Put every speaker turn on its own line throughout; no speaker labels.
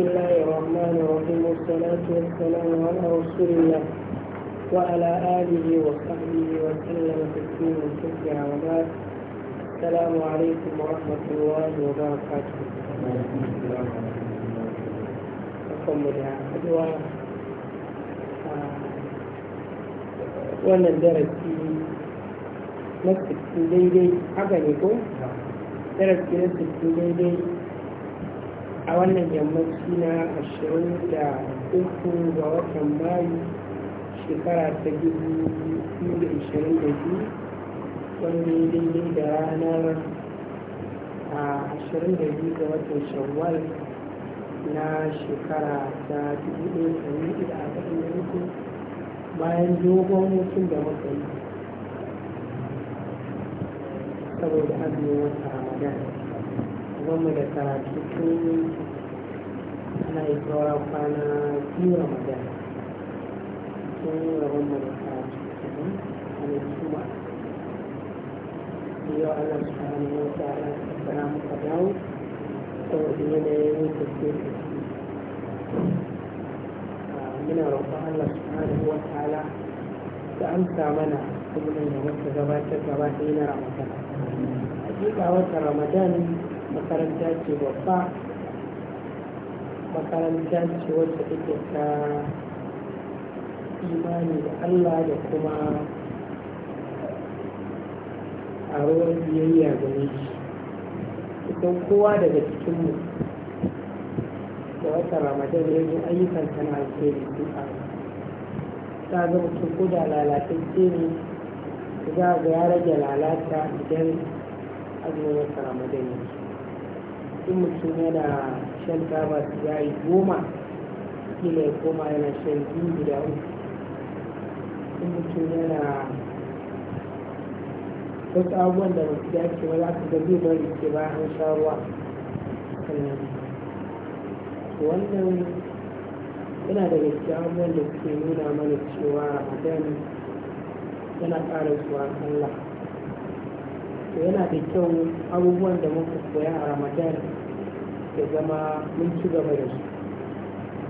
بسم الله الرحمن الرحيم والصلاة والسلام على رسول الله وعلى آله وصحبه وسلم تسليما كثيرا وبعد السلام عليكم ورحمة الله وبركاته. وكم يا أدوى wannan darasi na 60 daidai haka ne ko? darasi na 60 daidai a wannan yammaci na ashirin da uku ga watan mayu shekara ta dubu biyu da ashirin da biyu wani ya daidai da ranar ashirin da biyu ga watan shawwal na shekara ta dubu ɗaya da ɗari da arba'in da uku bayan dogon mutum da muka yi saboda azumin wata ramadan Wannan da karatu
tun ana yi tsawara kwana biyu ramadan tun goma da karatu tun ana kuma yau ana tsawara wata ana tsara muka dawo
saboda yanayin tafiye ah, muna roƙon Allah subhanahu wa ta'ala da amsa mana kuma da wata gabatar gaba ɗaya Ramadan. Hakika wata Ramadan makaranta ce babba makaranta ce wacce take ta imani da Allah da kuma a ruwan biyayya ga shi idan kowa daga cikinmu da wata ramadan ya zo ayyukan sana da duka ta ga ko da lalatacce ne za ga ya rage lalata idan azumin wata ramadan ya in mutum yana shan taba yi goma kila ya koma yana shan biyu guda uku in mutum yana wasu abubuwan da basu ya ce za su ga bari ke ba an sha ruwa wannan yana da gaske abubuwan da suke nuna mana cewa ramadan yana ƙara zuwa Allah to yana da kyau abubuwan da muka koya a ramadan ya zama mun ci gaba da su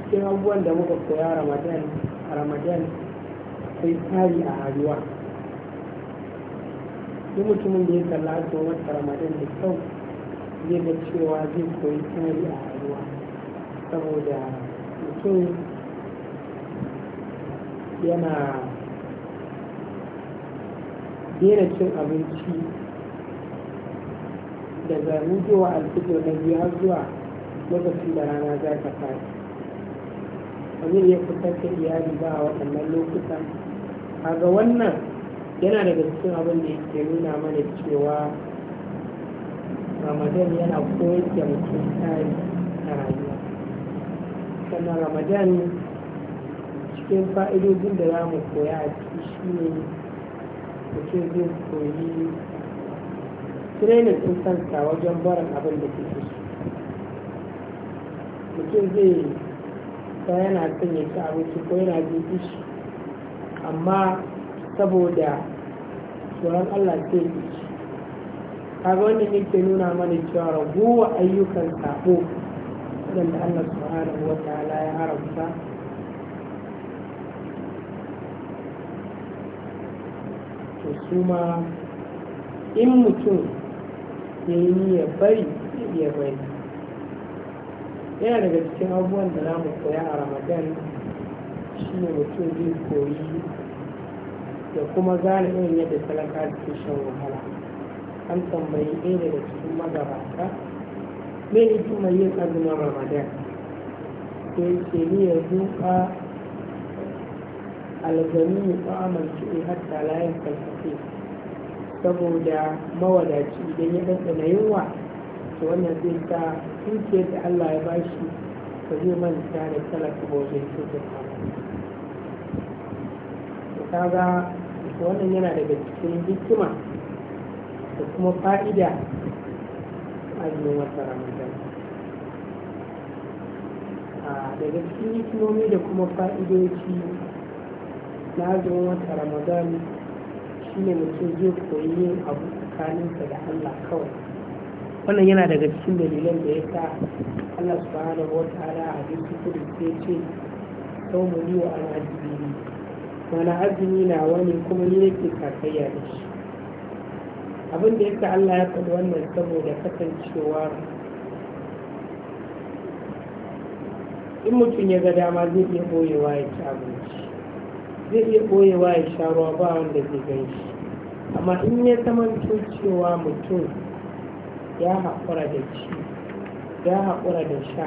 cikin abubuwan da muka koya ramadan a ramadan akwai tsari a rayuwa duk mutumin da ya kalla azumin wata ramadan da kyau zai ga cewa zai koyi tsari a rayuwa saboda mutum yana daina cin abinci daga hujewa alfito na biyu har zuwa lokacin da rana za ta fara wani ya fitar da iyali ba a waɗannan lokutan ga wannan yana daga cikin abin da ke nuna mana cewa ramadan yana koyar da mutum tsari a rayuwa sannan ramadan cikin fa'idodin da za mu koya a ciki shi ne mutum zai koyi training ɗin kanka wajen barin abin da ke so mutum zai ta yana son ya ci abinci ko yana jin ishi amma saboda tsoron Allah sai ya kaga wannan yake nuna mana cewa raguwa ayyukan sabo wadanda Allah subhanahu wa ta'ala ya haramta to su ma in mutum ya yi ya bari ya iya bari yana daga cikin abubuwan da na mu koya a ramadan shi ne mutum zai koyi da kuma gane irin yadda talaka ke shan wahala an tambayi ɗaya daga cikin magabata me hikimar yin azumin ramadan sai ce ni ya zuƙa algami ya ta'amalci eh hatta layin falsafi saboda mawadaci idan ya na yunwa to wannan zai sa dukiyar da Allah ya bashi ba zai manta da talaka ba wajen cutar ba kaga wannan yana daga cikin hikima da kuma fa'ida azumin wata ramadan daga cikin hikimomi da kuma fa'idoci na azumin wata ramadan shine mutum zai koyi yin abu tsakaninsa da Allah kawai wannan yana daga cikin dalilan da ya sa Allah subhanahu wa ta'ala a duk kudu sai ce sau mu yi wa al'ajibi ne wani azumi na wani kuma ni yake kakayya da shi abin da sa Allah ya faɗi wannan saboda kasancewa in mutum ya ga dama zai iya boyewa ya ci abinci zai iya ɓoyewa ya sha ruwa ba wanda ke gan shi amma in ya zama cewa mutum ya haƙura da ci ya haƙura da sha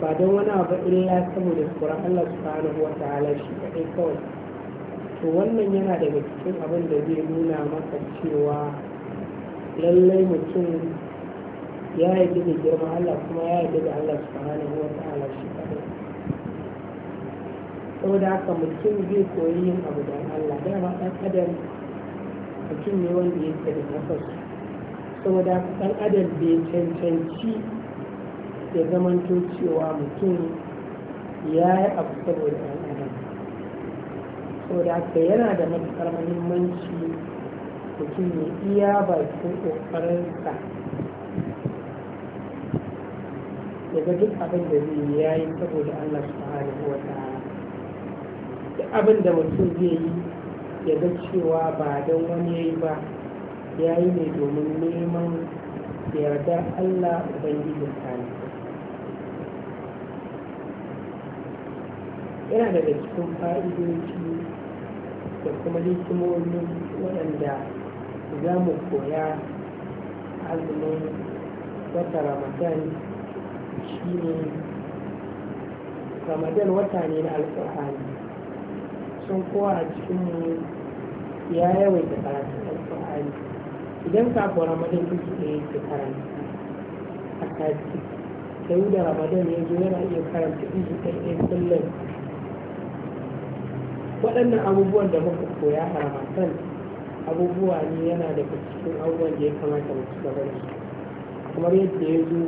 ba don wani abu illa saboda tsoron Allah subhanahu wa ta'ala shi kaɗai kawai to wannan yana daga cikin abin da zai nuna maka cewa lallai mutum ya yi da girma Allah kuma ya yi da Allah subhanahu wa ta'ala shi saboda haka mutum zai koyi yin abu don Allah ba ɗan adam mutum ne wanda yake da nafas saboda haka ɗan adam bai cancanci ya zamanto cewa mutum ya yi abu saboda ɗan adam saboda haka yana da matuƙar muhimmanci mutum ya iya su ƙoƙarinsa ya ga duk abin da zai yi ya yi saboda Allah su ta hari wata da abin da mutum zai yi ya ga cewa ba don wani ya yi ba ya yi ne domin neman yarda allah ubangijin kane yana daga cikin fa'idoci da kuma hikimomin waɗanda za mu koya azumin wata ramadan shi ne ramadan wata ne na alƙur'ani cikin kowa a cikin ya karatu a alkur'ani idan kafin ramadan duk da ke karanta a ta yi da ramadan ya zo yana iya karanta izu ɗaya kullum waɗannan abubuwan da muka koya a ramadan abubuwa ne yana daga cikin abubuwan da ya kamata mu ci gaba da su kamar yadda ya zo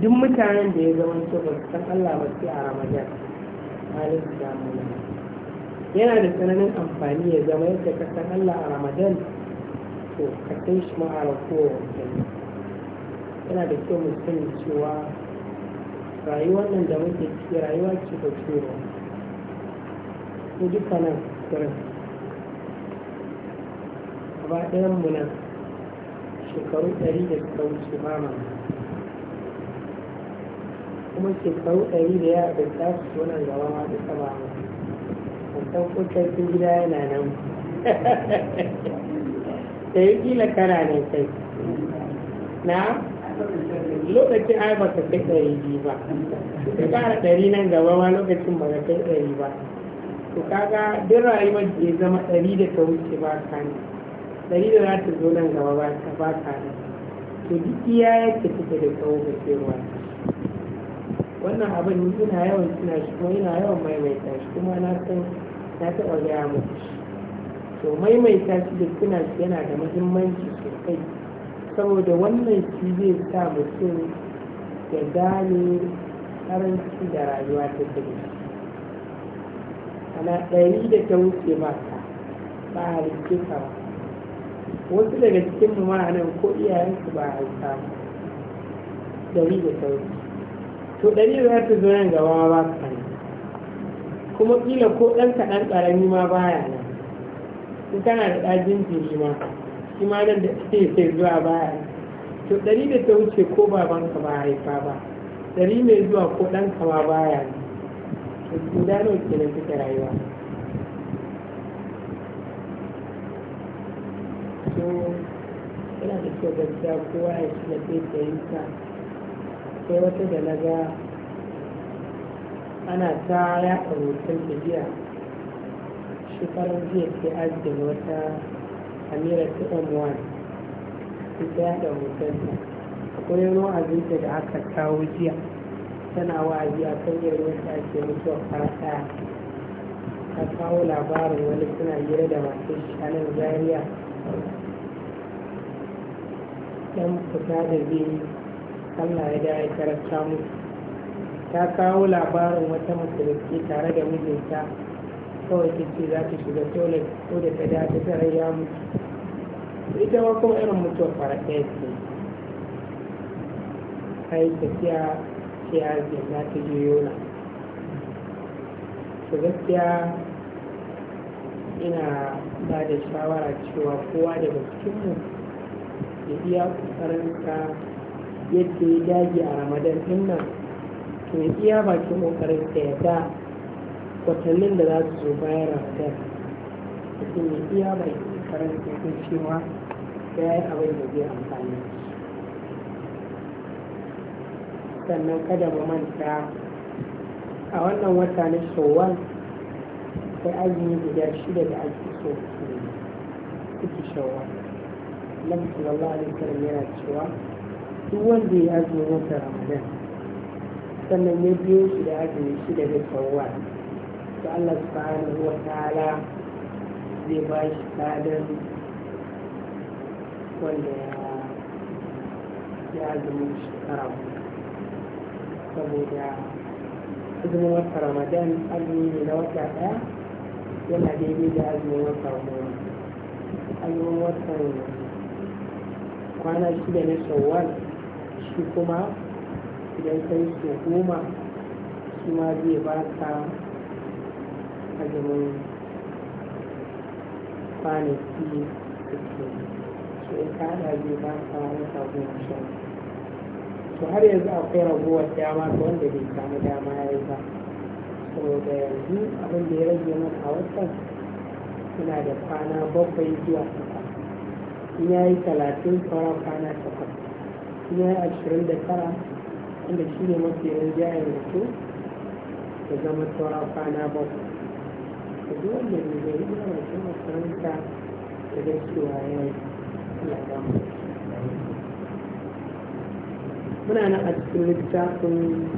duk mutanen da ya zama ba san Allah ba sai a ramadan halin da mu yana da tsananin amfani ya zama yadda ka san Allah a Ramadan to ka san shi ma a rakowa yana da kyau mu sani cewa rayuwar nan da muke ciki rayuwa ce ta tsoro mu duka nan gurin gaba ɗayan mu nan shekaru ɗari da suka wuce mama kuma shekaru ɗari da ya da ta su wannan gaba ma duka ba mu ɗauko sarkin gida yana nan da yi kila kana ne kai na lokacin ai ba ka kai ɗari biyu ba ka ƙara ɗari nan gaba ma lokacin ba ka kai ɗari ba to kaga duk rayuwar da ya zama ɗari da ta wuce ba ka ne ɗari da za ta zo nan gaba ba ka ba ka ne to duk iya yadda take da tsawo ga kewa wannan abin ina yawan suna shi kuma ina yawan maimaita shi kuma na san ta taɓa gaya mu to maimaita shi da suna yana da muhimmanci sosai saboda wannan shi zai sa mutum ya gane karanci da rayuwa ta tafi ana ɗari da ta wuce maka ba a rike ba wasu daga cikin mu ko iyayensu ba a haifa ɗari da ta wuce to ɗari za ta zo yin gaba ba ka kuma kila ko ɗan kaɗan ƙarami ma baya nan su kana da ɗajin jiri ma shi ma nan da ke sai zuwa baya to ɗari da ta wuce ko babanka ba haifa ba ɗari mai zuwa ko ɗanka ma baya nan to guda nawa kenan suka rayuwa so yana da kyau gaskiya kowa ya shiga sai ta yi ka wata da na ga ana ta ya hoton tafiya jiya shekarar jiya ke ajiye wata amira ta m1 ta da hoton ta akwai ruwan abinci da aka kawo jiya tana wa'azi a kan irin yadda ake mutuwa fara ɗaya ta kawo labarin wani suna gira da masu shanar zariya dan fita da biyu, Allah ya da ya karanta musu ta kawo labarin wata musulunci tare da mijinta kawai ta ce za ta shiga tole ko da ta dace ta tare ya mutu ita ma kuma irin mutuwar fara ɗaya ce tafiya ce a na ta je yola gaskiya ina ba da shawara cewa kowa daga cikinmu ya iya ƙoƙarinka yadda ya dage a ramadan ɗin to ya iya bakin kokarin ka yadda watannin da za su zo bayan ramadan mutum ya iya bakin kokarin ka yadda cewa ya yi abin da zai amfani sannan kada mu manta a wannan wata na shawwal sai azumi guda shida da ake so suke shawwal Nabi sallallahu alaihi wasallam yana cewa duk wanda ya azumi wata ramadan sannan ya biyo shi da azumi shi da kawwa to Allah subhanahu wa ta'ala zai ba shi ladan wanda ya azumi shekara saboda azumin wata ramadan azumi ne na wata ɗaya yana daidai da azumin wata ramadan azumin watan kwana shida na shawwal shi kuma idan ka su goma su ma zai ba ka azumin kwanaki so in ka hada zai ba ka wata goma sha to har yanzu akwai ragowar dama ga wanda bai samu dama ya yi ba saboda yanzu abin da ya rage mana a watan suna da kwana bakwai zuwa takwas in ya yi talatin sauran kwana takwas in ya yi ashirin da tara inda shi ne mafi rinjaye da su da zama saura kwana bakwai da duk wanda ne zai yi yawan shi makaranta da zai cewa ya yi muna nan a cikin littafin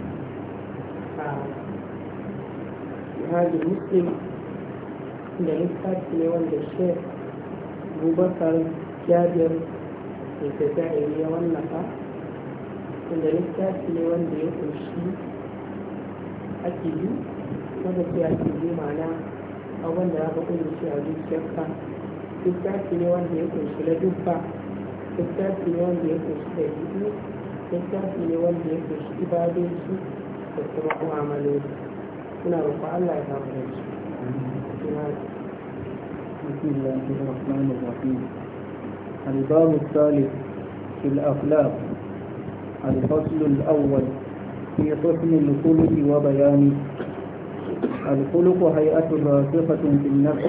a jihadin muslim da littafi ne wanda shek bubakar jabir da ta ya wallafa tunda littafi ne wanda ya kunshi ake yi wanda sai ake yi ma'ana abin da aka kunshi shi a zuciyarka littafi ne wanda ya kunshi na dubba littafi ne wanda ya kunshi da biyu littafi ne wanda ya kunshi ibadoci da kuma mu'amaloli suna roƙon Allah ya samu da shi.
بسم الله الرحمن الرحيم الباب الثالث في الأخلاق الفصل الأول في حسن الخلق وبيانه الخلق هيئة راسخة في النفس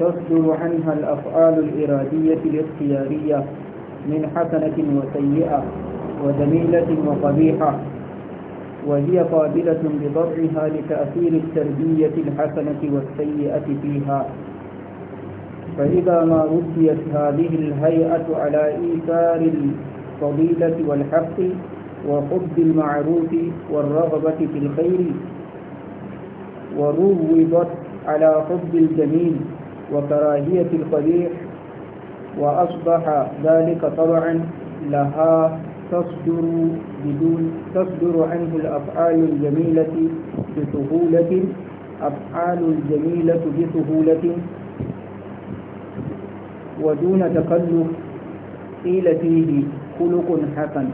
تصدر عنها الأفعال الإرادية الاختيارية من حسنة وسيئة وجميلة وقبيحة وهي قابلة بضرها لتأثير التربية الحسنة والسيئة فيها فإذا ما رديت هذه الهيئة على إيثار الفضيلة والحق وحب المعروف والرغبة في الخير وروضت على حب الجميل وكراهية القبيح وأصبح ذلك طبعا لها تصدر بدون تصدر عنه الأفعال الجميلة بسهولة أفعال الجميلة بسهولة ودون تكلف قيل فيه خلق حسن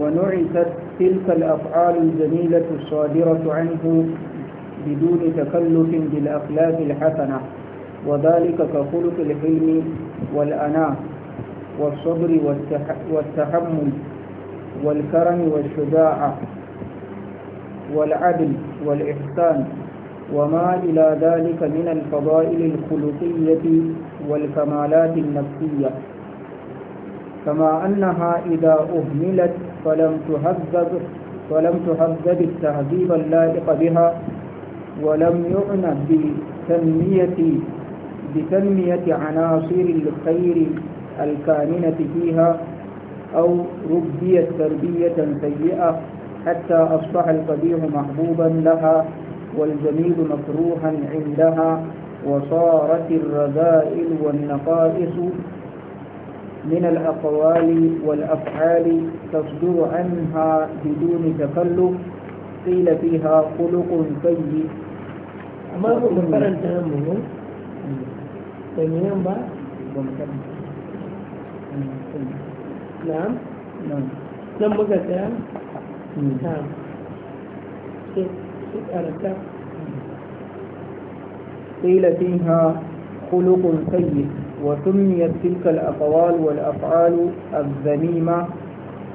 ونعثت تلك الأفعال الجميلة الصادرة عنه بدون تكلف بالأخلاق الحسنة وذلك كخلق الحلم والأناة والصبر والتحمل والكرم والشجاعة والعدل والإحسان وما إلى ذلك من الفضائل الخلقية والكمالات النفسية كما أنها إذا أهملت فلم تهذب ولم تهذب التهذيب اللائق بها ولم يعنى بتنمية بتنمية عناصر الخير الكامنة فيها أو ربيت تربية سيئة حتى أصبح القبيح محبوبا لها والجميل مكروها عندها وصارت الرذائل والنقائص من الأقوال والأفعال تصدر عنها بدون تكلف قيل فيها خلق سيء
ما هو مقرن تهمه تنين با نعم نعم نعم
نعم قيل فيها خلق سيء وسميت تلك الأقوال والأفعال الذميمة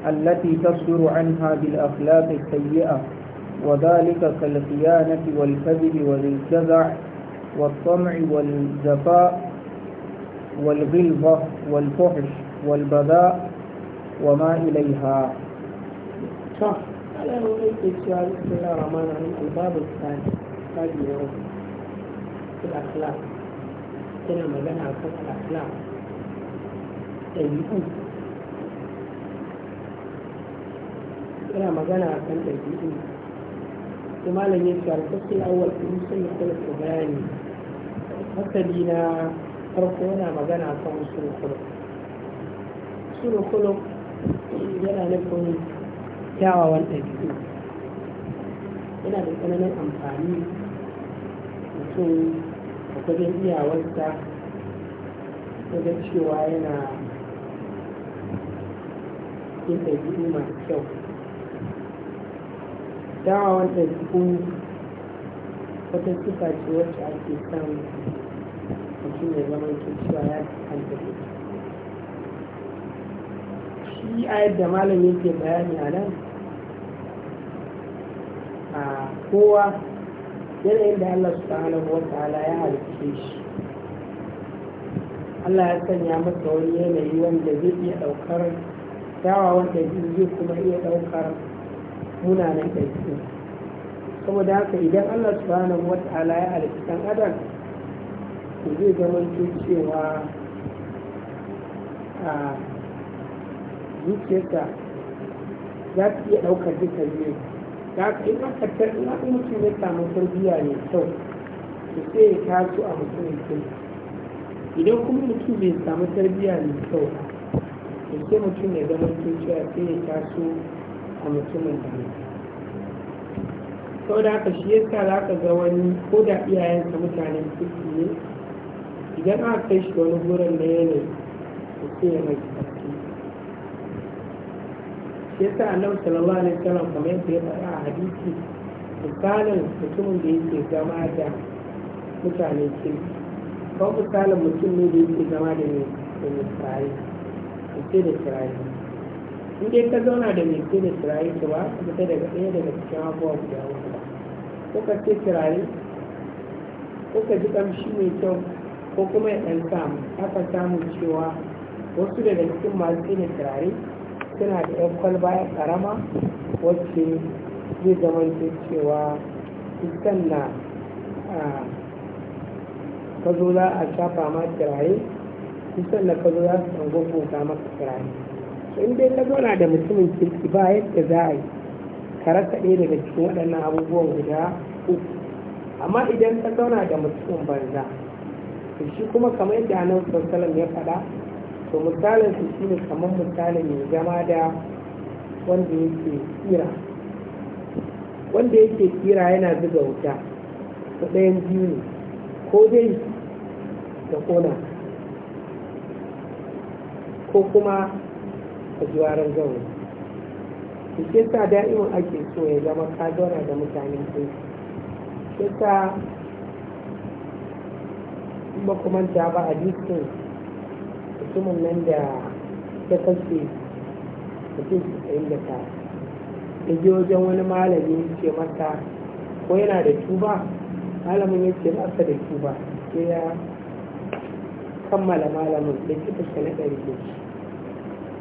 التي تصدر عنها بالأخلاق السيئة وذلك كالخيانة والكذب والجزع والطمع والجفاء والغلظة والفحش والبذاء وما إليها
الأخلاق tana magana a kan yi ɗabi'u tana magana a kan ɗabi'u su malam ya ce alfasul awwal kuma sun yi kwalfa bayani hasali na farko yana magana a kan usul kulub usul kulub yana nufin kyawawan ɗabi'u yana da tsananin amfani mutum wajen iyawarsa wajen cewa yana yin ɗabi'u masu kyau dawawan ku wata sifa ce wacce ake son mutum ya zama ke cewa ya kanta ne shi a yadda malam yake bayani a nan a kowa yanayin da Allah subhanahu wa ta'ala ya halitta shi Allah ya sanya masa wani yanayi wanda zai iya daukar dawa wanda zai kuma iya daukar munanan ɗabi'u saboda haka idan Allah subhanahu wa ta'ala ya halitta dan adam to zai zama cewa a zuciyarsa za ta iya daukar duka biyu da in aka tar in mutum ya samu tarbiyya ne kyau to sai ya taso a mutumin kai idan kuma mutum bai samu tarbiyya ne kyau to sai mutum ya zama cewa sai ya taso a mutumin da ne sau da haka shi yasa za ka ga wani ko da iyayensa mutanen kirki ne idan aka kai shi wani wurin na yanayi to sai ya rage yasa annabi sallallahu alaihi wasallam kamar yadda ya faɗa a hadisi misalin mutumin da yake zama da mutane kirki ko misalin mutum ne da yake zama da mai tsirayi mai da tsirayi in dai ka zauna da mai da tsirayi to ba ka fita daga ɗaya daga cikin abubuwa guda uku ba ko ka ce tsirayi ko ka ji ƙamshi mai kyau ko kuma ya ɗan samu aka samu cewa wasu daga cikin masu tsira tsirayi suna da yan kwalba ya karama wacce zai zama cewa iskan na ka zo za a shafa ma kiraye iskan na ka zo za su ɗangon ga maka kiraye in dai ka zauna da mutumin kirki ba yadda za a yi ka ɗaya daga cikin waɗannan abubuwan guda uku amma idan ka zauna da mutumin banza shi kuma kamar yadda anan sosalam ya faɗa to misalin su shine kamar misalin mai zama da wanda yake tsira wanda yake tsira yana zuga wuta ta ɗayan biyu ne ko dai da ƙona ko kuma a juwarar Su ke sa da'imin ake so ya zama ka zauna da mutanen Su ke sa makamanta ba a jikin mutumin nan da ta kashe mutum casa'in da ta ya je wajen wani malami ya ce masa ko yana da tuba malamin ya ce masa da tuba sai ya kammala malamin da ke kashe na ɗari da shi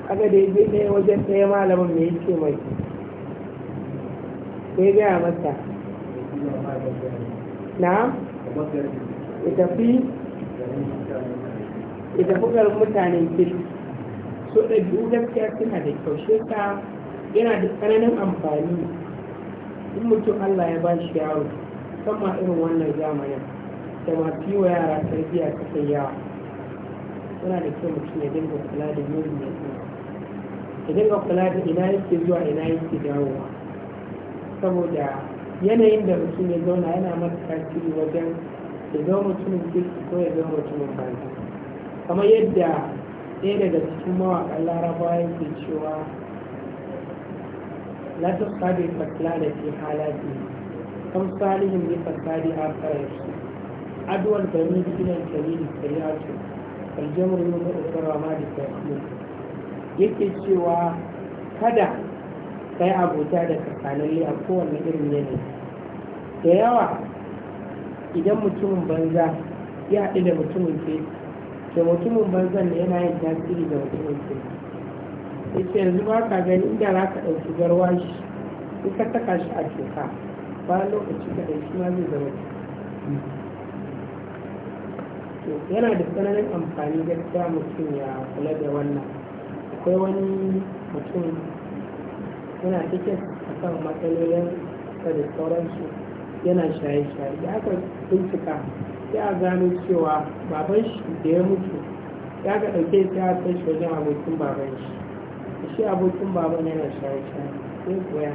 kaga da ya je ɗaya wajen ɗaya malamin mai ce mai sai gaya masa na ya tafi da tafugar mutanen kirki so ɗabi'u gaskiya suna da kyau ka yana da tsananin amfani in mutum allah ya ba shi yaro musamman irin wannan zamanin da masu yi wa yara tarbiyya suka yawa yana da kyau mutum ya dinga kula da yuri ya dinga kula da ina yake zuwa ina yake dawowa saboda yanayin da mutum ya zauna yana masa tasiri wajen ya zama mutumin kirki ko ya zama mutumin banza kamar yadda ɗaya daga cikin mawaƙan laraba yake cewa la ta sabi fatla da ke halaki kan salihin ne fasadi a kararsu adwar da ni bi idan kalili kariyatu aljamur yau da ma da tafiya yake cewa kada kai abota da tsakanin a kowane irin yanayi da yawa idan mutumin banza ya haɗu da mutumin ke da mutumin banzan da yana yin tasiri da mutumin ya ce yanzu ba ka gani inda za ka ɗauki garwashi in ka taka shi a toka ba lokaci ka ɗauki ma zai zama yana da tsananin amfani da ta mutum ya kula da wannan akwai wani mutum yana cikin a kan matsalolin da sauransu yana shaye-shaye da aka bincika sai a gano cewa baban shi da ya mutu ya ga ɗauke sai a kai shi wajen abokin baban shi shi abokin baban yana shaye-shaye sai koya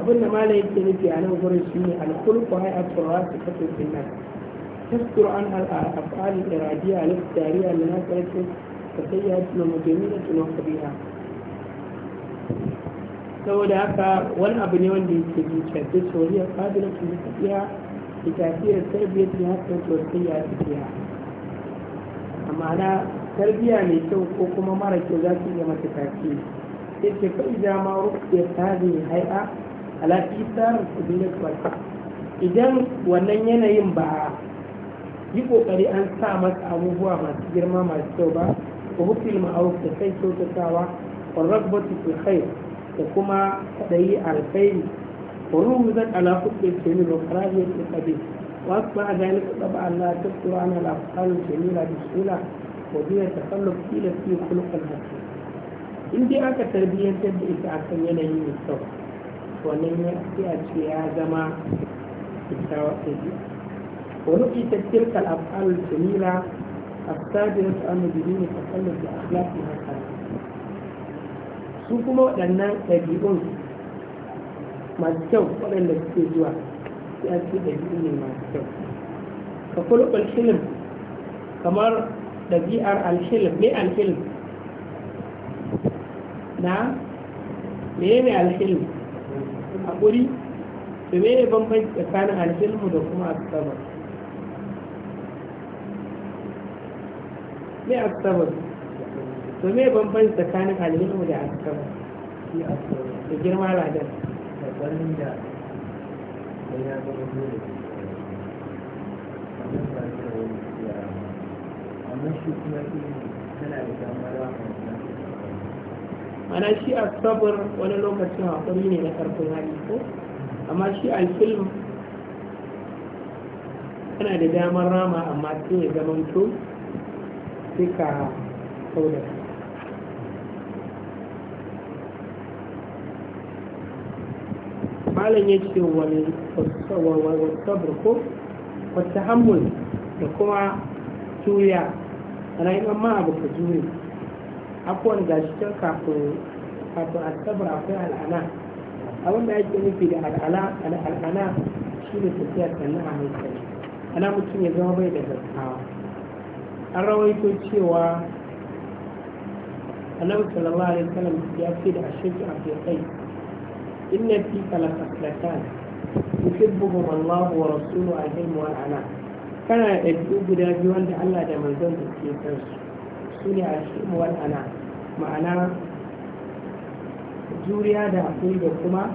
abin da malai yake nufi a nan gurin shi ne alkulku ai atrawa su kafin finnan tasiru an al'afali iradiya alif dariya da na karfe ka sai ya tuna mujami da tuna kabiya saboda haka wani abu ne wanda yake zuciya ta sauriya fadilatun da kabiha بتأثير التربية حتى توصية فيها ma'ana tarbiyya mai kyau ko kuma mara kyau za su iya mata tafi sai ce fa idza ma ruqiya hadhihi hay'a ala tisar subilat wa idan wannan yanayin ba yi ƙoƙari an sa masa abubuwa masu girma masu kyau ba ko hukil ma'ruf da kai kyautatawa wa ragbatu fil khair da kuma a alkhairi ورومزا على حكم الجميل وكراهية القبيح وأتبع ذلك طبعا لا تكثر عن الأفعال الجميلة بسهولة ودون التخلف إلى في خلق الحكيم إن دي أكا تربية تبدأ تأكل ينهي من الصبر ونهي أتي يا زما الدعوة ورؤية تلك الأفعال الجميلة الصادرة عن بدون التخلف بأخلاقها الحسنة su kuma waɗannan masu kyau waɗanda suke zuwa ya ce ɗabi'u ne masu kyau ka kulɓar shilim kamar ɗabi'ar alshilim ne alshilim na mene ne alshilim haƙuri to me ne bambanci tsakanin alhilmu da kuma asabar me asabar to me bambanci tsakanin alhilmu da asabar
da girma ladar karɓarin da ya ya zama shi
ana shi a sabar wani lokacin haƙuri ne na karfin hali ko amma shi a film tana da damar rama amma sai ya to sai ka kau da malam ya ce wani wasabar ko wata hamul da kuma juriya ranar amma abu ka jure akwai gashi can kafin kafin asabar akwai al'ana abin da yake nufi da al'ana shi ne tafiya sannan a hankali ana mutum ya zama bai da gaskawa an rawaito cewa annabi sallallahu alaihi wasallam ya fi da ashirki a kai إن فيك لخصلتان يحبهما الله ورسوله العلم والعناء كان يدعو بدابي وأنت الله ده من زوج الكيسر سنة الحلم والعناء معناه juriya da haƙuri da kuma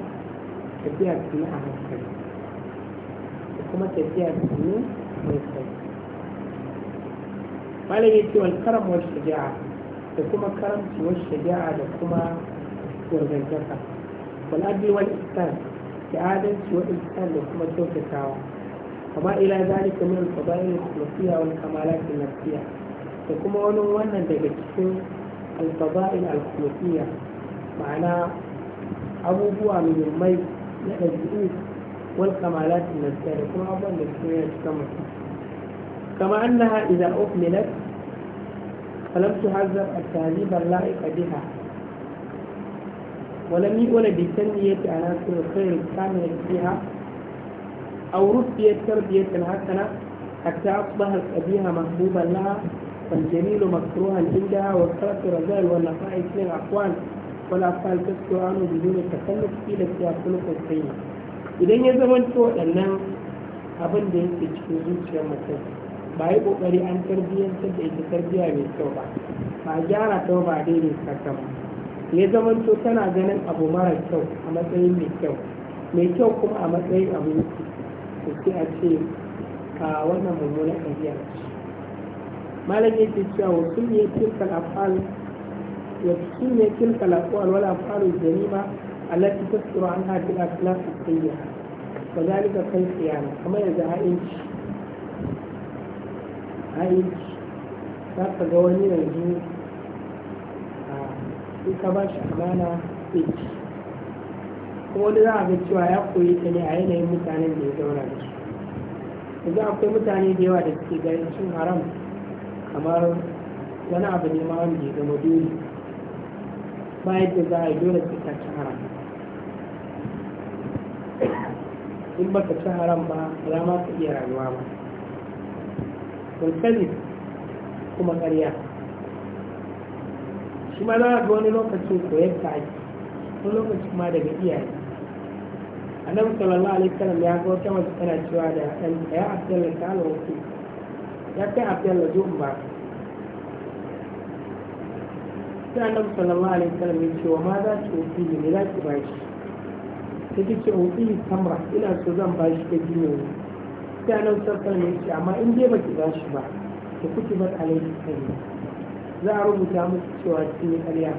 tafiya tuni a hankali da kuma tafiya tuni mai kai malam ya ce wal karam wal shaja'a da kuma karamci wal shaja'a da kuma gurgantaka والعدل والإحسان كعادة والإحسان لكم التوكة تعوى وما إلى ذلك من الفضائل الخلقية والكمالات النفسية لكم ونوانا دقيقين الفضائل الخلقية معنى أبو بوا من المي نأجئوه والكمالات النفسية لكم أبوان لكم يجتمع كما أنها إذا أكملت فلم تهذب التهذيب اللائق بها ولم يولد بالتنمية على سوى الخير كامل فيها أو ربيت تربية حسنة حتى أصبحت أبيها محبوبا لها والجميل مكروها عندها والخلق والنفائس والنقائص للأقوال والأطفال تسكو عنه بدون تكلف في فيها خلق السيء idan ya zamanto waɗannan abin da yake cikin zuciyar mutum ba yi ƙoƙari an tarbiyyantar da ita tarbiyya mai kyau ba ba gyara ta ba daidai sakamako ya zamanto tana ganin abu mara kyau a matsayin mai kyau mai kyau kuma a matsayin abu yake to sai a ce a wannan mummunan ɗabi'a ce ya ce cewa wa sun yi tilkal afal wa sun yi tilkal afal wala afalu jarima allati tasuru an hadil Ba za ni zalika kai qiyama kamar yanzu ha'inci ha'inci za ka ga wani yanzu sai ka ba shi amana sai ci kuma wani za a ga cewa ya koyi ta ne a yanayin mutanen da ya zauna da su yanzu akwai mutane da yawa da suke ganin cin haram kamar wani abu ne ma wanda ya zama dole ba yadda za a yi dole su ka ci haram in baka ci haram ba alama ka iya rayuwa ba ban kuma karya shi ma za ga wani lokaci koyar ta ake wani lokaci kuma daga iyaye annabi sallallahu alaihi wasallam ya ga wata mace tana cewa da ɗan ya da ta wasu ya kai abdalla da in ba sai annabi sallallahu alaihi wasallam ya ce wa ma za ki wuce ne za ki ba shi ta ce ce wuce tamra ina so zan ba shi ta biyu ne sai annabi sallallahu alaihi wasallam ya ce amma in dai ba ki ba shi ba ki kuke ba alaihi wasallam za a rubuta musu cewa sun yi karya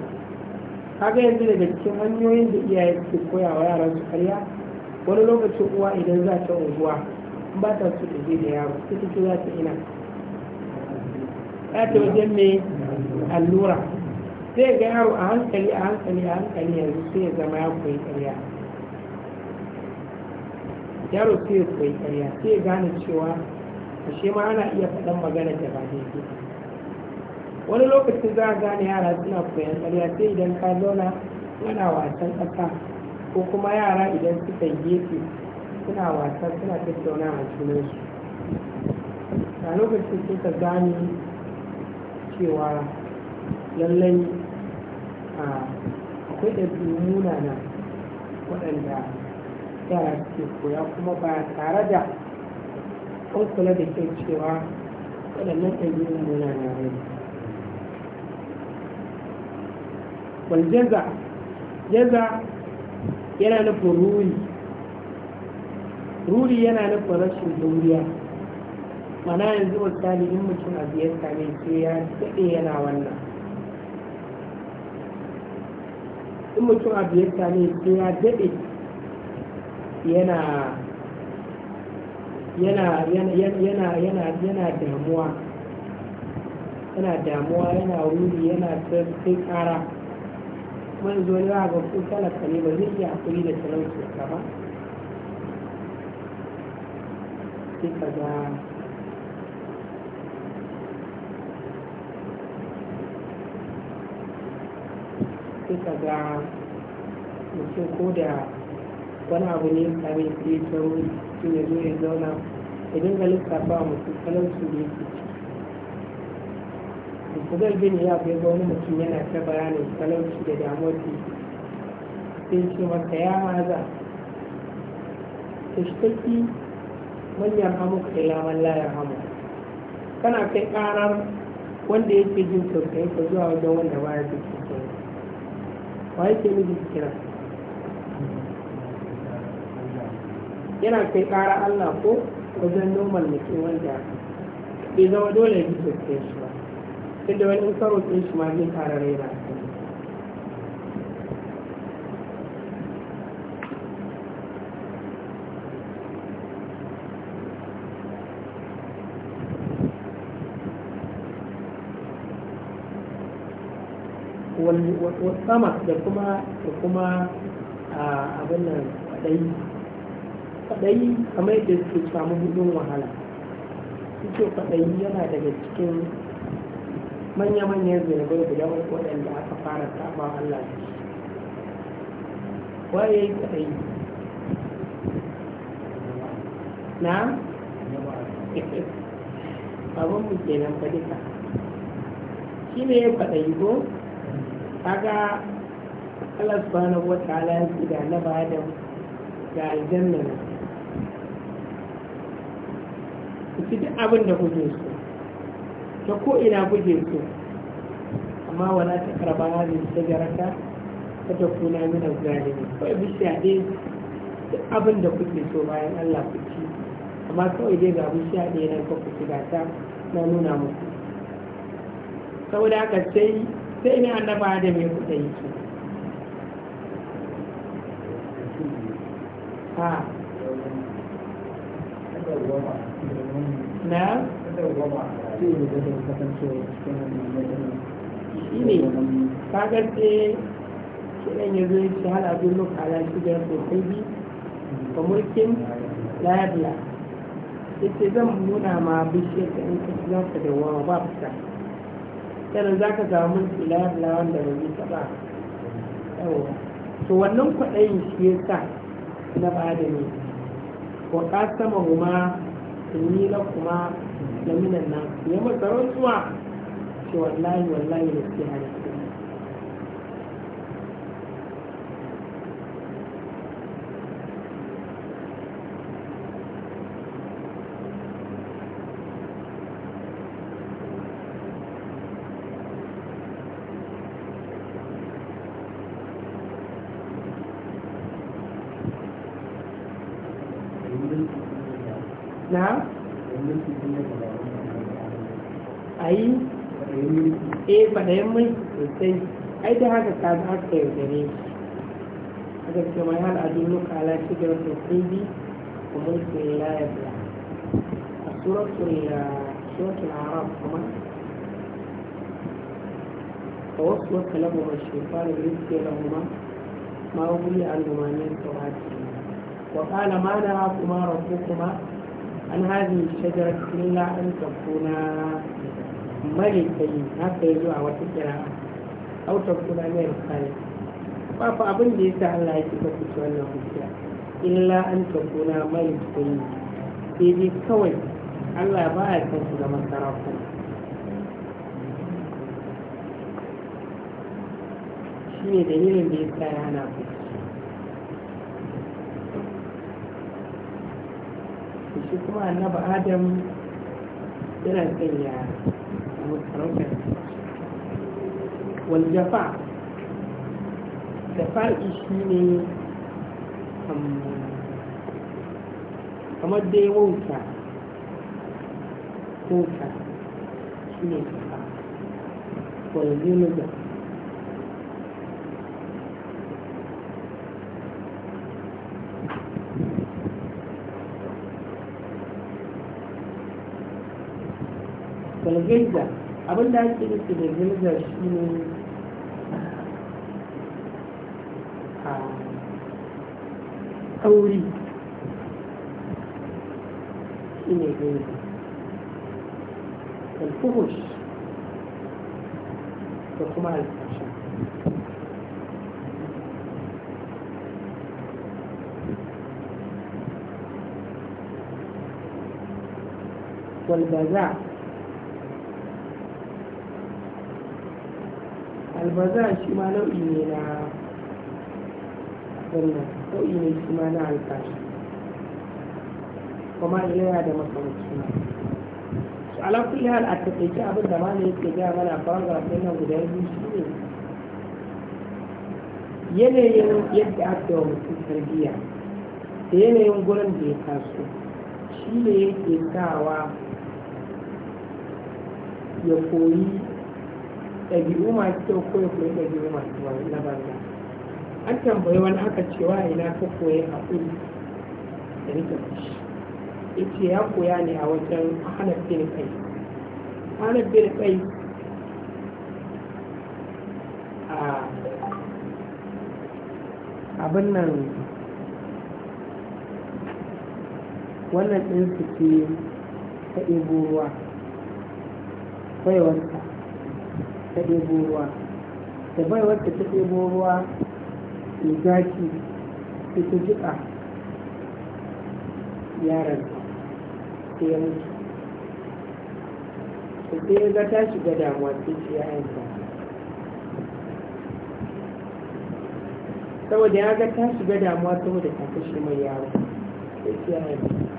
kaga yanzu daga cikin hanyoyin da iyaye suke koya wa yaran su karya wani lokacin uwa idan za ta unguwa ba ta su ɗaje da yaro ta ce za ta ina za ta wajen mai allura zai ga yaro a hankali a hankali a hankali yanzu sai ya zama ya koyi karya yaro sai ya koyi karya sai ya gane cewa ashe ma ana iya faɗan magana da ba daidai wani lokacin za a gane yara suna koyan ƙarya sai idan ka zauna suna wasan ƙasa ko kuma yara idan suka yi gefe suna wasa suna tattauna a junansu a lokacin sai ka gane cewa lallai akwai muna na waɗanda yara suke koya kuma ba tare da an kula da kyau cewa waɗannan muna na ne wal jaza jaza yana nufin ruri ruri yana nufin rashin dauriya mana yanzu misali in mutum a biyar same sai ya daɗe yana wannan in mutum a biyar same sai ya daɗe yana yana yana yana damuwa yana damuwa yana wuri yana kai kara man zo ne ga ko talaka ne ba zai iya hakuri da talauci ka ba sai ka ga sai ka ga mutum ko da wani abu ne ya same shi ya zo ya zauna idan ga lissafa mutum talauci ne ke ciki zai bin ya bai ga wani mutum yana ta bayanin talauci da damuwar ke sai ce maka ya haza ta shi manyan hamu ka ilaman layar hamu kana kai karar wanda yake jin sosai ka zuwa wajen wanda ya jin sosai wa yake miji kira yana kai kara Allah ko wajen noman mutum wanda bai zama dole ya ji sosai shi ba inda wani in karo ɗin shi ma zai fara raina sama da kuma da kuma abin nan kadai kadai kamar yadda suke samu hudun wahala suke kwaɗayi yana daga cikin manya manya zunubai guda waɗanda aka fara saba Allah da shi waye yi kaɗai na abin mu kenan fa duka shi ne ya yi ko kaga Allah subhanahu wa ta'ala ya ce da na ba da ga aljanna na ku ci duk abin da kuke so ta ko ina kuke so amma wala ta karba hadin shajarata ta ta kuna mina zalimi kawai bishiya ɗaya duk abin da kuke so bayan Allah ku ci amma kawai dai ga a ɗaya nan ka ku shiga ta na nuna muku saboda haka sai sai ne annaba adam ya kuɗa yake
a ah. na shi ne
kagar ce kiɗan ya zo ya ci hana nuka ala shi da sosai bi ba mulkin labla yace zan nuna ma bishiyar da in ka za ka da wawa ba fita sannan za ka samu mulki labla wanda ba zai taɓa yawa to wannan kwaɗayin shi ya sa na ba da ne wa qasama huma kuma lakuma laminan nan ya masa rantsuwa ce wallahi wallahi da ke hana sayan mai sosai ai da haka ka za ka yaudare shi haka ce mai hal adulluka ala shigar sosai bi kuma su la ya biya a suratul suratul arab kuma فوسوس لهما الشيطان ليبدي لهما ما ولي عنهما من سواتهما وقال ما نهاكما ربكما عن هذه الشجرة إلا أن تكونا ta kai haka ya zo a wata kira'a out kuna ne da ba fa abin da sa Allah ya kika ku wannan hujja illa an takuna mari ta sai dai kawai Allah ba ya san su zaman sarauta shi ne dalilin da sa ya hana ku shi kuma annabi adam yana son yara waljafa jafa'i shi ne kamar dai wauta wauta shi ne jafa waljafa والغيبة abin da ake nufi da shi ne a kauri shi ne girgiza alfuhush da kuma albaza shi ma nau'i ne na wannan nau'i ne shi ma na alfashi kuma ilaya da makamanci ma su ala kulli hal a taƙaice abin da ma ne yake gaya mana paragraph ɗin nan guda biyu shi ne yanayin yadda aka wa mutum tarbiyya da yanayin gurin da ya taso shi ne yake sawa ya koyi ɗabi'u masu kyau ko ya koyi ɗabi'u masu na banza an tambayi wani haka cewa ina ka koyi haƙuri da nika fushi ya ce ya koya ne a wajen hana bin kai hana bin kai a abin nan wannan ɗin su ta ɗebo ruwa kwaiwarsa ta ɗebo ruwa da bai wadda ta ɗebo ruwa mai zaki sai ta jiƙa yaron sai ya mutu sai ya ga ta shiga damuwa sai ce yanka, saboda ya ga ta shiga damuwa saboda ta kashe mai yaro sai ce yanka.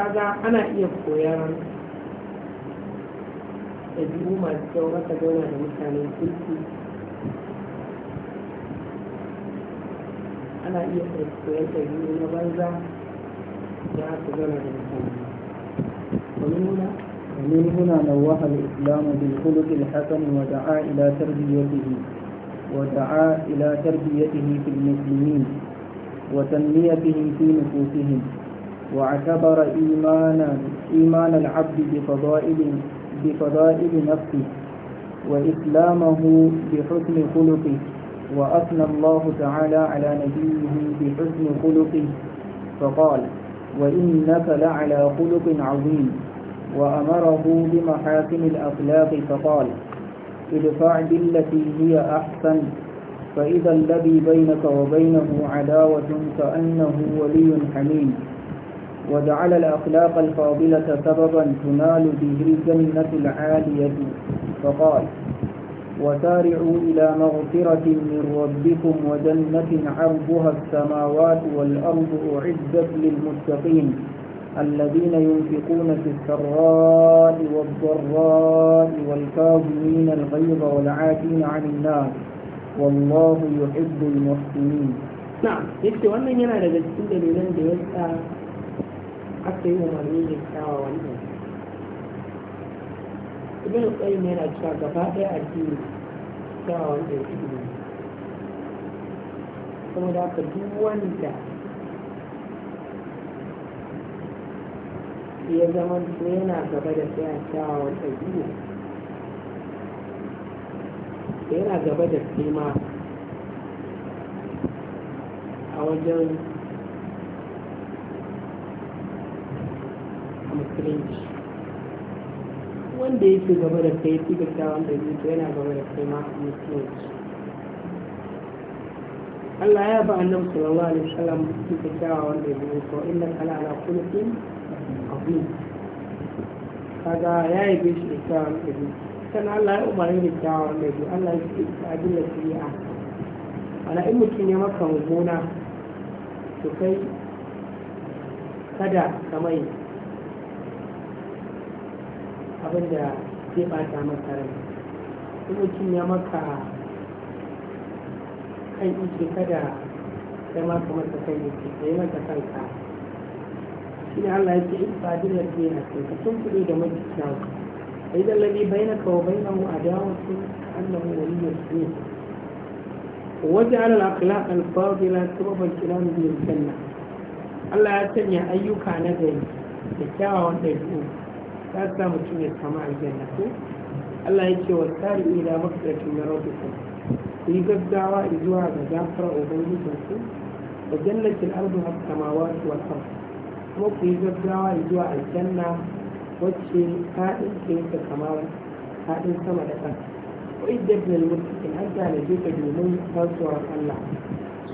kaga ana iya koyar ɗabi'u masu kyau aka zauna da mutanen kirki ana iya koyar ɗabi'u na banza da aka zauna da mutanen
ومن هنا ومن هنا نوه الإسلام بالخلق الحسن ودعا إلى تربيته ودعا إلى تربيته في المسلمين وتنميتهم في نفوسهم واعتبر إيمانا إيمان العبد بفضائل بفضائل نفسه وإسلامه بحسن خلقه وأثنى الله تعالى على نبيه بحسن خلقه فقال وإنك لعلى خلق عظيم وأمره بمحاسن الأخلاق فقال ادفع بالتي هي أحسن فإذا الذي بينك وبينه عداوة كأنه ولي حميم وجعل الأخلاق الفاضلة سببا تنال به الجنة العالية فقال وسارعوا إلى مغفرة من ربكم وجنة عرضها السماوات والأرض أعدت للمتقين الذين ينفقون في السراء والضراء والكاظمين الغيظ والعافين عن الناس والله يحب المحسنين نعم
يكتب أن هنا لدى السنة لمن aka yi umarni da kyawawan ɗan ibn qayyim yana cewa gaba ɗaya addini kyawawan ɗan ne kuma da haka duk wanda ya zama yana gaba da tsaya kyawawan ɗabi'u yana gaba da tsima a wajen a musulunci wanda yake gaba da kai fi da wanda zai yana gaba da kai ma musulunci Allah ya ba annabi sallallahu alaihi wasallam fi da kyawawan da zai so inna kala ala kulli azim kaga ya yi bishi da kyawawan da zai sannan Allah ya umarni da kyawawan da zai Allah ya ce abin da shari'a ana in mutum ya maka mummuna to kai kada ka mai abin da zai bata maka rai in mutum ya maka kan ike kada ya maka masa kan da ka yi masa kanka shi ne Allah ya ce in fadin da ke na kai ka tun da mafi kyau A da lalle bai na kawo bai na a dawo su annahu waliyyar su ne وجعل الأخلاق الفاضلة سبب الكلام بالجنة Allah ya sanya ayyuka na gari da kyawawan ɗabi'u ta sa mutum ya kama aljanna ko Allah ya ce wa tsari ila makarashin na rabbikum ku yi gaggawa zuwa ga gafara ubangijin ku da jannatin ardu har samawa wal ard kuma ku yi gaggawa zuwa aljanna wacce fadin ke yake kamar fadin sama da ƙasa ko iddat lil muttaqin an ta ne ka domin kasuwar Allah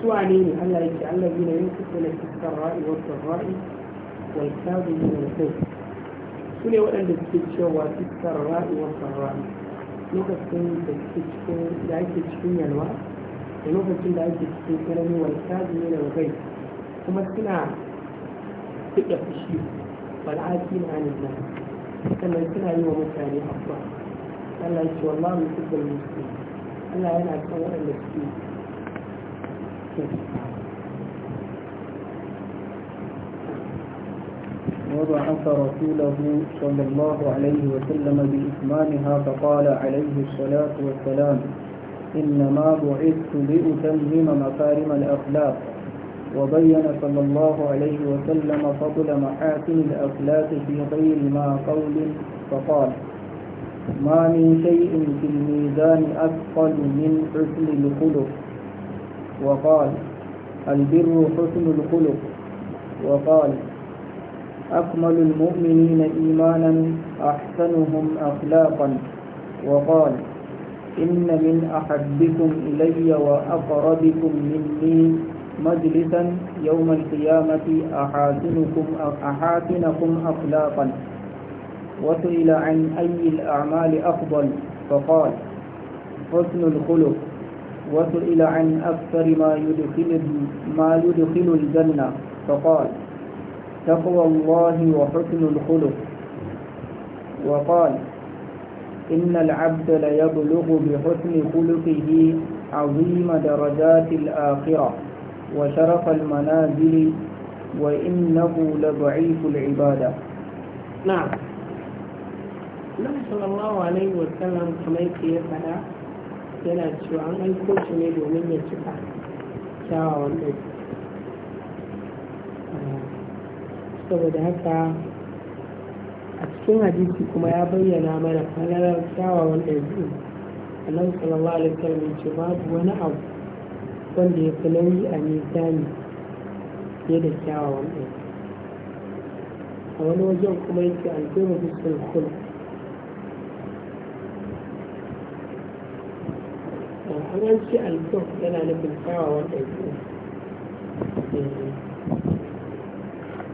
su wane ne Allah yake Allah yana yin kusa da kisar ra'i wa sarra'i wal kazi min al su ne waɗanda suke cewa fitar ra'uwar sarra lokacin da suke cikin da ake cikin yalwa da lokacin da ake cikin karamin walta kazi ne da bai kuma suna fiɗa fushi wal aki na anilla sannan suna yi wa mutane abuwa Allah ya ce mu yuhibbul muslimin Allah yana kan waɗanda suke
وبعث رسوله صلى الله عليه وسلم بإتمامها فقال عليه الصلاة والسلام إنما بعثت لأتمم مكارم الأخلاق وبين صلى الله عليه وسلم فضل محاسن الأخلاق في غير ما قول فقال ما من شيء في الميزان أثقل من حسن الخلق وقال البر حسن الخلق وقال أكمل المؤمنين إيمانا أحسنهم أخلاقا وقال إن من أحبكم إلي وأقربكم مني مجلسا يوم القيامة أحاسنكم أحاسنكم أخلاقا وسئل عن أي الأعمال أفضل فقال حسن الخلق وسئل عن أكثر ما يدخل ما يدخل الجنة فقال تقوى الله وحسن الخلق وقال إن العبد ليبلغ بحسن خلقه عظيم درجات الآخرة وشرف المنازل وإنه لضعيف العبادة
نعم النبي صلى الله عليه وسلم yake ya fada yana cewa an aiko shi ne domin ya saboda haka a cikin hadisi kuma ya bayyana mana falalar kyawawan ɗabi'u annabi sallallahu alaihi wasallam ya ce babu wani abu wanda ya fi nauyi a mizani fiye da kyawawan ɗabi'u a wani wajen kuma ya ce alfema fuskar kula an ce alfem yana nufin kyawawan ɗabi'u eh.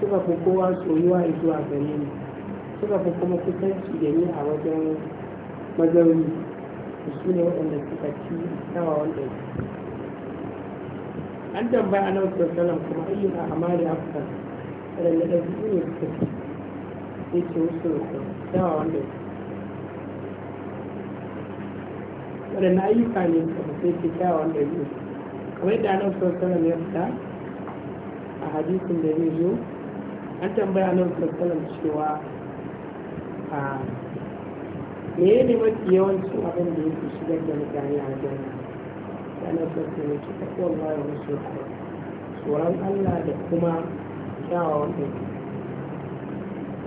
suka fi kowa soyuwa zuwa gare ni suka fi kuma kusanci da ni a wajen mazauni su ne waɗanda suka ci wanda. ɗauki an tambaya a nan sosalam kuma ayyuka a mali afirka waɗanda su ne suka ci sai ce wasu kyawawan ɗauki waɗanda ayyuka ne suka fi sai ce wanda ɗauki kamar yadda a nan sosalam ya fita a hadisin da zai zo an tambaya nan sassalan cewa a meye ne mafi yawancin abin da yake shigar da mutane a janna yana sassa ne ki tafi bayan wasu kuma tsoron allah da kuma kyawawan ɗauki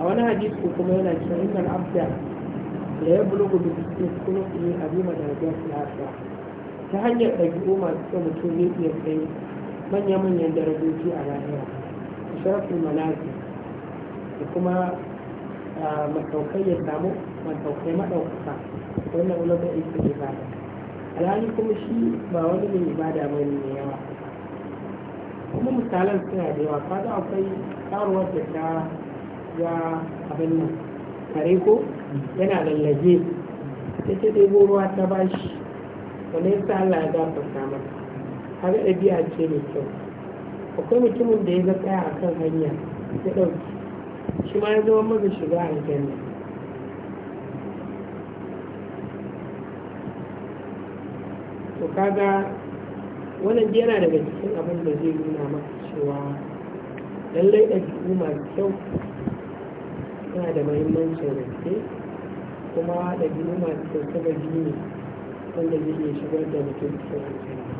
a wani hadisi kuma yana cewa inna al'abda da ya bulugu da cikin kuma yi azima da hajjar lafiya ta hanyar ɗabi'u masu kyau mutum ne iya kai manya-manyan darajoji a a sharafin malafi da kuma masaukai ya samu masaukai maɗaukaka wannan wani da ita ibada alhali kuma shi ba wani mai ibada ba ne yawa kuma misalan suna da yawa kaga akwai karuwar da ta ya abin nan kare ko yana lallaje ta ce ɗebo ruwa ta bashi wanda ya sa Allah ya gafarta mata kaga ɗabi'a ce mai kyau akwai mutumin da ya ga tsaya kan hanya ya ɗauki shi ma ya zama maza shiga a aljanna to kaga wannan yana daga cikin abin da zai nuna maka cewa lallai ɗabi'u masu kyau suna da mahimmancin gaske kuma ɗabi'u masu kyau ta gaji ne wanda zai iya shigar da mutum
cikin aljanna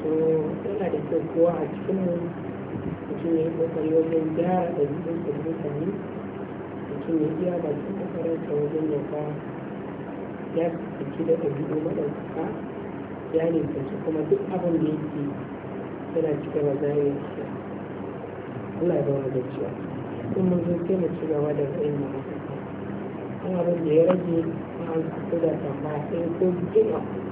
so yana da kyau kowa a cikin mu mutum ya yi kokari wajen gyara ɗabi'un da mutane mutum ya iya bakin kokarinsa wajen ya ga ya saki da ɗabi'u maɗaukaka ya ne kuma duk abin da yake yana cikin mazayin shi Allah ya ba mu da cewa in mun zo sai mu ci gaba da kai mu haka an abin da ya rage an kusa da tambaya sai ko biyu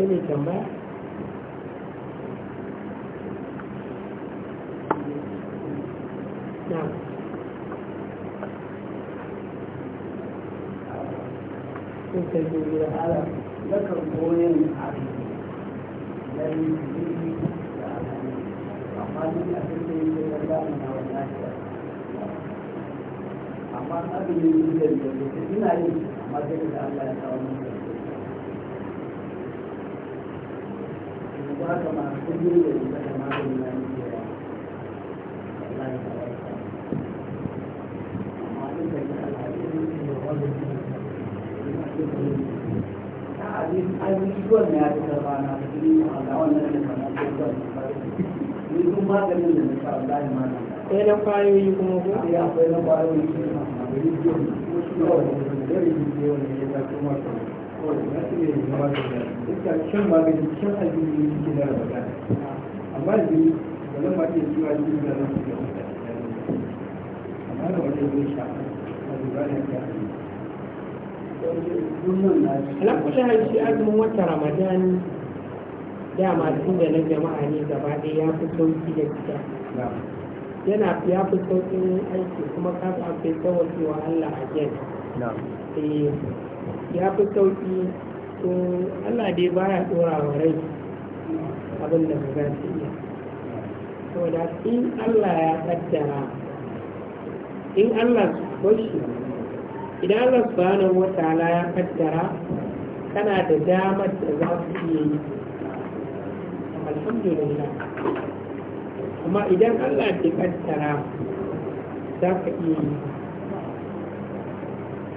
kai ne tambaya
na'am sun kai gobe da ala na kan da yi jiri da alamu amma duk abin da da zamu na wannan amma abin da yake da ina yi amma da Allah ya kawo akwai
na kwayoyi kuma ko? akwai na kwayoyi kuma.
alakusha hajji azumin
wata ramadan dama tun da na jama'a ne gaba ɗaya ya fi sauki da fita yana ya fi sauƙin aiki kuma ka ga akwai tsawacewa allah a jan ya fi sauƙi to Allah dai baya ɗora wa rai abin da ba su iya da in Allah ya ƙaddara in Allah su bashi idan Allah subhanahu wa ta'ala ya ƙaddara kana da damar da za su iya yi alhamdulillah amma idan Allah ya ƙaddara za ka iya yi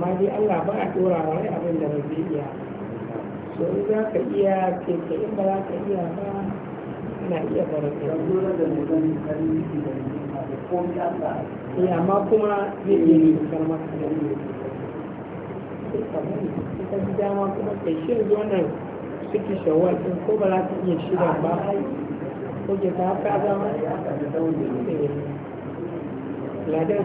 amma dai Allah ba a dora wa wani abin da ba iya so in za ka iya ke ka in ba za ka iya ba na iya barin ka ya eh, amma kuma zai iya ne kar maka da ne sai ka ji dama kuma kai shi yanzu wannan suke shawar din ko ba za ka iya shirin ba ko
ke ta haka zama eh. ladan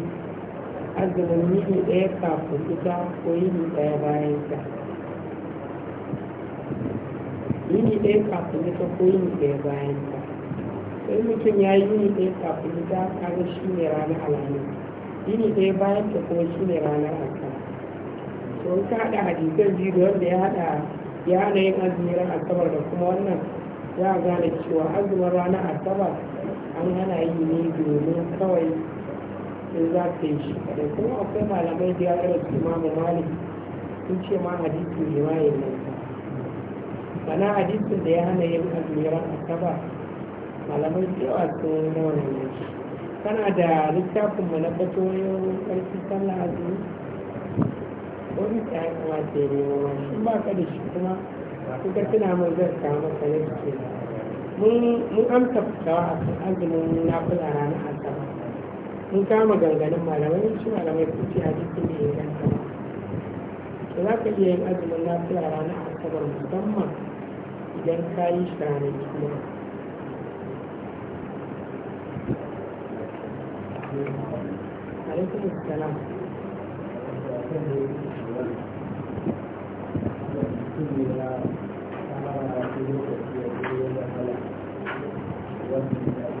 azumin yini ɗaya kafin ita ko yini ɗaya bayan ta yini ɗaya ya yi yini ɗaya kafin ita kaga shi ne ranar alamu yini ɗaya bayan ka kuma shi ne ranar asabar to ka haɗa hadisan wanda ya haɗa ya haɗa yin da kuma wannan ya a gane cewa azumin ranar asabar an hana yi ne domin kawai in za ka yi shi kadai kuma akwai malamai da ya irin su imamu malik sun ce ma hadisi ne ma yin nan sana hadisin da ya hana yin azumiran asaba malamai da yawa sun nawa ne yanki kana da littafin mu na fatoyin karfi sallah azumi wani ta ya kamata ya yi ma shi ba ka da shi kuma kuka tuna mun zai kawo kare yadda ke mun amsa fitawa a kan azumin nafula ranar asaba in ka maganganun malamai yanci malamai sun ce hadisi ne inganta ba to za ka iya yin azumin lafiya ranar asabar musamman idan ka yi shi ranar juma'a
alaikum salam Thank you.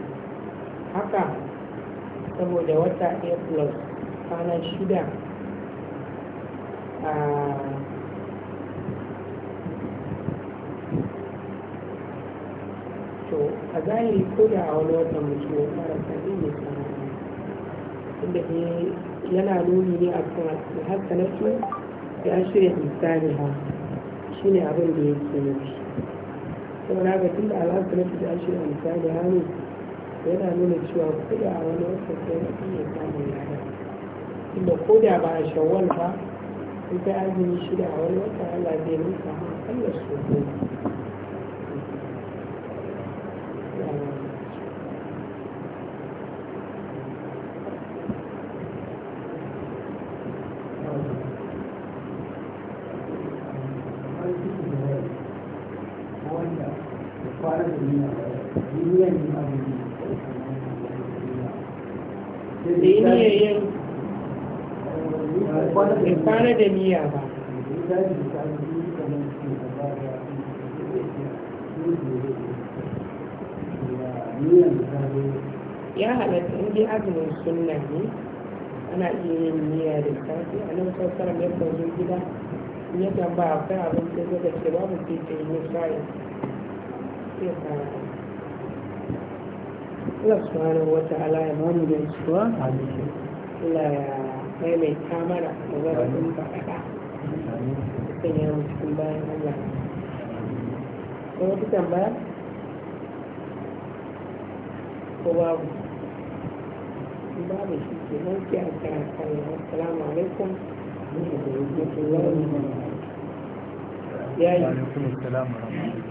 haka saboda wata a plus kwanan shida a to a zahiri ko da a wani watan mutum ya fara sami ne sana'a inda yana nuni ne a kan su ya shirya misali ha shi ne abin da ke nufi saboda haka tun da alhassanatu ya shirya misali ha ne yana nuna cewa koda a wani wata sai na iya samun yada inda koda ba a shawwal ba in kai azumi shida a wani wata Allah zai nuka akalla su da niyya ba ya halatta in dai azumin sunna ne ana iya yin niyya da safe a nan ya zo gida ya tamba akwai abin da zai ce babu sai ta yi misali sai fara Allah subhanahu wa ta'ala ya mamu da shi Allah ya maimaita mana magana sun
ba kaɗa sun ya mu cikin bayan Allah ko wata tambaya ko babu
babu shi ke nan ke a kan kan assalamu alaikum
ya yi